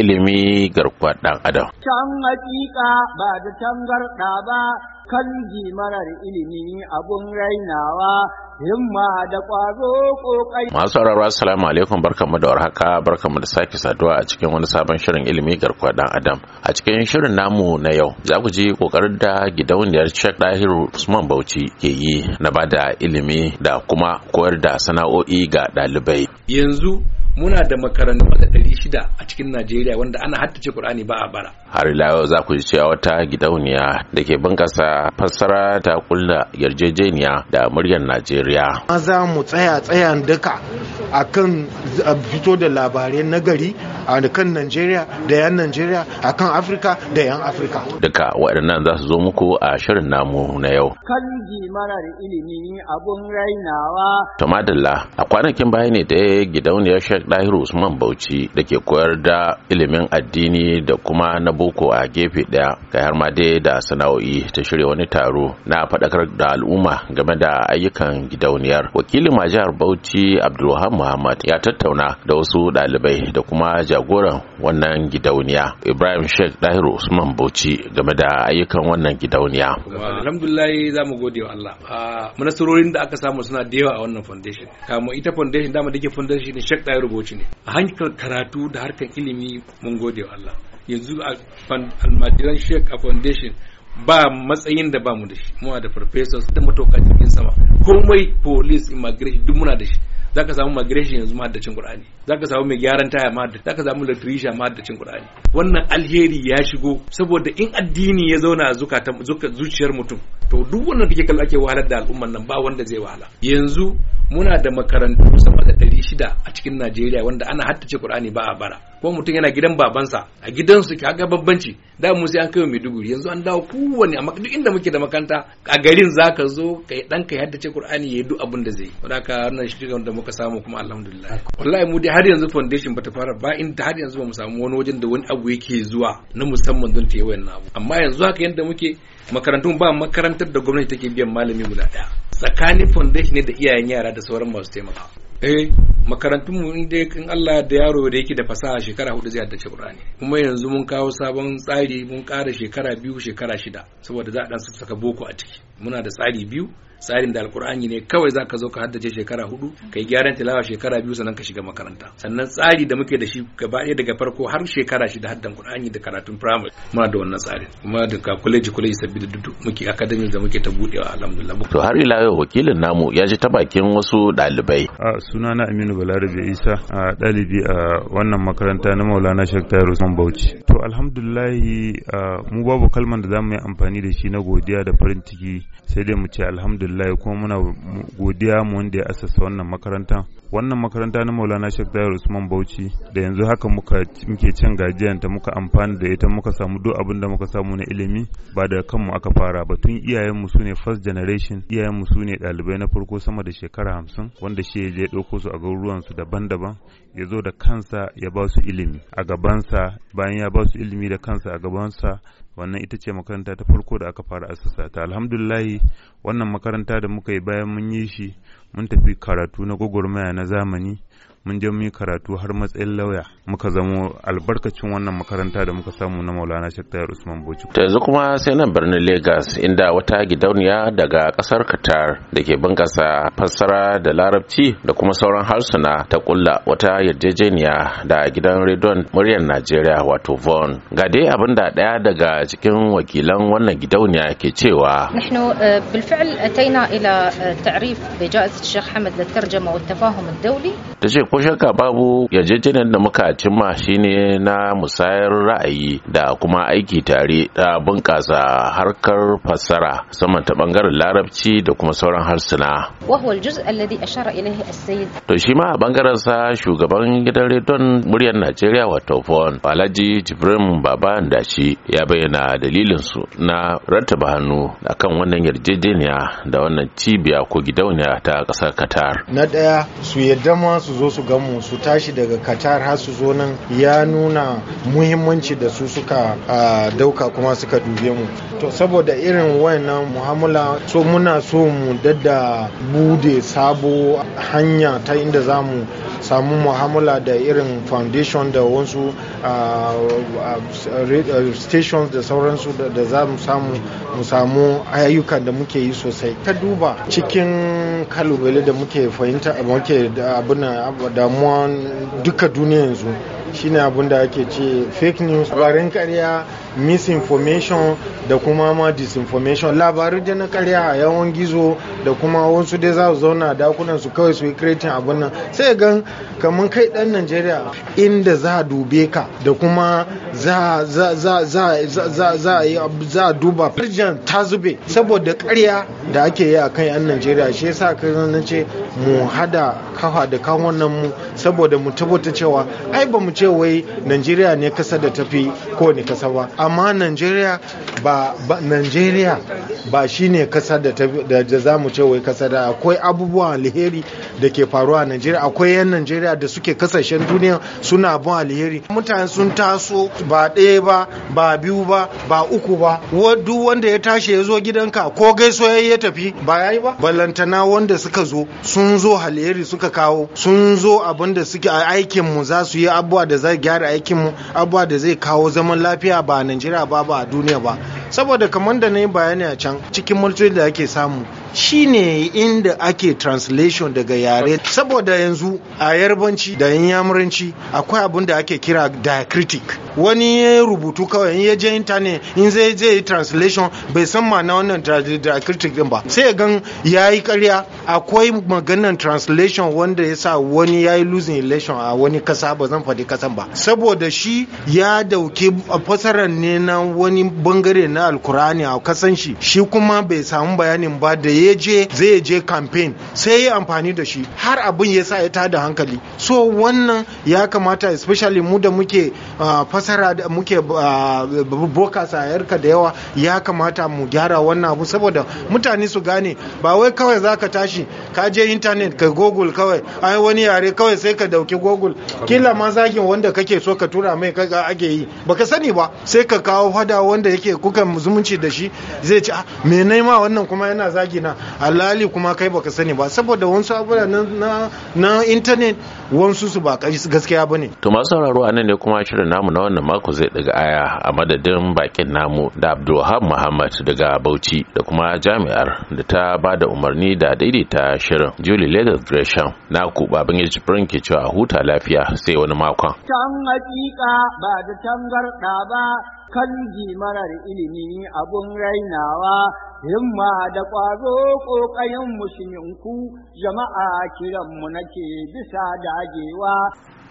ilimi garkuwa ɗan adam. Can hakika ba da tangarɗa ba kan marar ilimi abun rainawa himma da ƙwazo ƙoƙari. Masu sauraro assalamu alaikum barkamu da warhaka barkamu da sake saduwa a cikin wani sabon shirin ilimi garkuwa dan adam. A cikin shirin namu na yau za ku ji ƙoƙarin da gidauniyar Sheikh Dahir Usman Bauchi ke yi na bada ilimi da kuma koyar da sana'o'i ga ɗalibai. Yanzu muna da makarantu da ɗari shida a cikin najeriya wanda ana haddace Kur'ani ba a bara har ila yau za ku ji cewa wata gidauniya da ke bunƙasa fassara ta kulla yarjejeniya da muryar najeriya za mu tsaya tsayan duka akan fito da labarai na gari a kan Najeriya da 'yan Najeriya a kan Afirka da 'yan Afirka. Daga waɗannan za su zo muku a shirin namu na yau. Kanji marar ilimi abun rainawa. Tumadalla a kwanakin baya ne da gidauniyar Sheikh Dahiru Usman Bauchi da ke koyar da ilimin addini da kuma na boko a gefe ɗaya ga har ma dai da sana'o'i ta shirya wani taro na faɗakar da al'umma game da ayyukan gidauniyar. Wakilin jihar Bauchi Abdulrahman Muhammad ya tattauna da wasu ɗalibai da kuma jagoran wannan gidauniya ibrahim sheikh dahiru usman bauchi game da ayyukan wannan gidauniya alhamdulillah za mu gode wa allah ah, manasarorin da aka samu suna da yawa a wannan foundation kamar ita foundation dama da ke foundation ne sheikh dahiru bauchi ne a hankali karatu da harkar ilimi mun gode wa allah yanzu a almajiran sheikh a foundation ba matsayin da ba mu da shi muna da professors da matokan jirgin sama komai police immigration duk muna da shi zaka samu migration yanzu mahaddacin Qur'ani zaka samu mai gyaran taya za zaka samu electrician mahaddacin Qur'ani wannan alheri ya shigo saboda in addini ya zauna a zuciyar mutum to duk wannan kake kallo ake wahalar da al'umman nan ba wanda zai wahala yanzu muna da makarantu sama da ɗari shida a cikin Najeriya wanda ana haddace Qur'ani ba a bara kuma mutum yana gidan babansa a gidansu ga babbanci da mu sai an kai Maiduguri yanzu an dawo kowane a duk inda muke da makaranta a garin zaka zo kai dan kai haddace Qur'ani yayi duk abin da zai yi haka wannan shirin da muka samu kuma alhamdulillah wallahi mu dai har yanzu foundation bata fara ba inda har yanzu ba mu samu wani wajen da wani abu yake zuwa na musamman don ta yi wayannan abu amma yanzu haka yanda muke makarantun ba makarantar da gwamnati take biyan malami guda daya tsakanin foundation ne da iyayen yara da sauran masu taimaka eh makarantun mu inda in Allah da yaro da yake da fasaha shekara hudu zai haddace Qur'ani kuma yanzu mun kawo sabon tsari mun ƙara shekara biyu shekara shida saboda za a dan saka boko a ciki muna da tsari biyu tsarin da alkur'ani ne kawai za ka zo ka haddace shekara hudu ka gyaran tilawa shekara biyu sannan ka shiga makaranta sannan tsari da muke da shi gaba ɗaya daga farko har shekara shida haddan kur'ani da karatun primary muna da wannan tsarin kuma da kuleji kuleji sabbi da duk muke akademi da muke ta budewa alhamdulillah to har ila yau wakilin namu ya ji ta bakin wasu ɗalibai sunana Aminu Balarabe Isa a ɗalibi a wannan makaranta na Maulana Sheikh Tayar Bauchi. To alhamdulahi mu babu kalman da zamu yi amfani da shi na godiya da farin ciki sai dai mu ce alhamdulillahi kuma muna godiya mu wanda ya asasa wannan makaranta wannan makaranta na maulana shek dayar usman bauchi da yanzu haka muke cin gajiyanta muka amfani da ita muka samu duk abin da muka samu na ilimi ba da kanmu aka fara ba tun iyayenmu su ne first generation iyayenmu su ne ɗalibai na farko sama da shekara hamsin wanda shi ya je ɗauko su a garuruwansu daban-daban ya zo da kansa ya ba su ilimi a gabansa bayan ya ba su ilimi da kansa a gabansa wannan ita ce makaranta ta farko da aka fara asasa ta alhamdulahi wannan makaranta da muka yi bayan mun yi shi mun tafi karatu na gwagwarmaya na zamani mun je mu karatu har matsayin lauya muka zamo albarkacin wannan makaranta da muka samu na Maulana Sheikh Usman Bocci. ta yanzu kuma sai nan birnin Lagos inda wata gidauniya daga kasar katar da ke bunkasa fassara da Larabci da kuma sauran harsuna ta kulla wata yarjejeniya da gidan rediyon muryar Najeriya wato VON. Ga dai abin da daya daga cikin wakilan wannan gidauniya ke cewa. Nahnu بالفعل أتينا إلى تعريف بجائزة ko shakka babu yarjejeniyar da muka cimma shine na musayar ra'ayi da kuma aiki tare da bunƙasa harkar fassara saman ta bangaren larabci da kuma sauran harsuna to shi ma a bangaren sa shugaban gidan redon muryar najeriya wato fon alhaji jibrin baba dashi ya bayyana dalilin su na rattaba hannu akan wannan yarjejeniya da wannan cibiya ko gidauniya ta ƙasar qatar na ɗaya su yadda ma su zo su mu su tashi daga qatar har su zo nan ya nuna muhimmanci da su suka dauka kuma suka dube mu to saboda irin wannan muhamala so muna so mu dadda bude sabo hanya ta inda za mu samu mu'amala da irin foundation da wasu stations da sauransu da za mu samu mu samu ayyukan da muke yi sosai ta duba cikin kalubale da muke fahimta muke abuna damuwa duka duniya yanzu shine abun da ake ce fake news labarin karya misinformation da kuma ma disinformation labaru da na karya a yawan gizo da kuma wasu dai za su zauna dakunan su kawai su yi kretin abun nan sai gan kamar kai dan najeriya inda za a dube ka da kuma za a duba firjan ta zube saboda karya da ake yi a kan yan najeriya shi yasa kai na ce mu hada kafa da kawon nan mu saboda mu tabbata cewa ai ba mu ce wai Najeriya ne kasa da tafi ko ne kasa ba amma Najeriya ba Najeriya ba shi ne kasar da za mu ce wai kasar da akwai abubuwan alheri da ke faruwa a najeriya akwai 'yan najeriya da suke kasashen duniya suna abun alheri mutane sun taso ba ɗaya ba ba biyu ba ba uku ba duk wanda ya tashi ya zo gidanka ko gaisuwa ya tafi ba ya yi ba ballantana wanda suka zo sun zo alheri suka kawo sun zo abin da suke a aikin mu za su yi abubuwa da zai gyara aikin mu abubuwa da zai kawo zaman lafiya ba a najeriya ba ba a duniya ba saboda kamar da na yi bayani a can cikin mulkin da ake samu shine inda ake translation daga yare saboda yanzu a yarbanci da yamuranci akwai abin da ake kira diacritic wani ya rubutu kawai in ya je intanet in zai je yi translation bai san ma'ana wannan diacritic din ba sai gan ya yi karya akwai maganan translation wanda ya sa wani ya yi losing election a wani kasa ba zan faɗi kasan ba saboda shi ya dauki fasarar ne na wani bangare na alkurani a kasan shi shi kuma bai samu bayanin ba da ya je zai je campaign sai ya amfani da shi har abin ya sa ya tada hankali so wannan ya kamata especially mu da muke ah, nasara da muke ah, boka sayarka da yawa ya kamata mu gyara wannan abu saboda mutane su gane ba wai kawai zaka tashi ka je intanet ka google kawai ai wani yare kawai sai ka dauki google kila ma zagin wanda kake so ka tura mai kaga ake yi baka sani ba sai ka kawo fada wanda yake kuka zumunci da shi zai ci ah, me nai ma wannan kuma yana zagi na alali kuma kai baka sani ba saboda wasu abubuwa na na intanet wasu su ba gaskiya ne. to masu sauraro anan ne kuma shirin namu na wannan wannan mako zai daga aya a madadin bakin namu da abdulwahab muhammad daga bauchi da kuma jami'ar da ta ba da umarni da daidaita shirin julie leather gresham na ku babin yaji ke cewa huta lafiya sai wani makon can hakika ba da tangarɗa ba kan marar ilimi abun rainawa himma da ƙwazo ƙoƙarin musulminku jama'a kiranmu nake bisa dagewa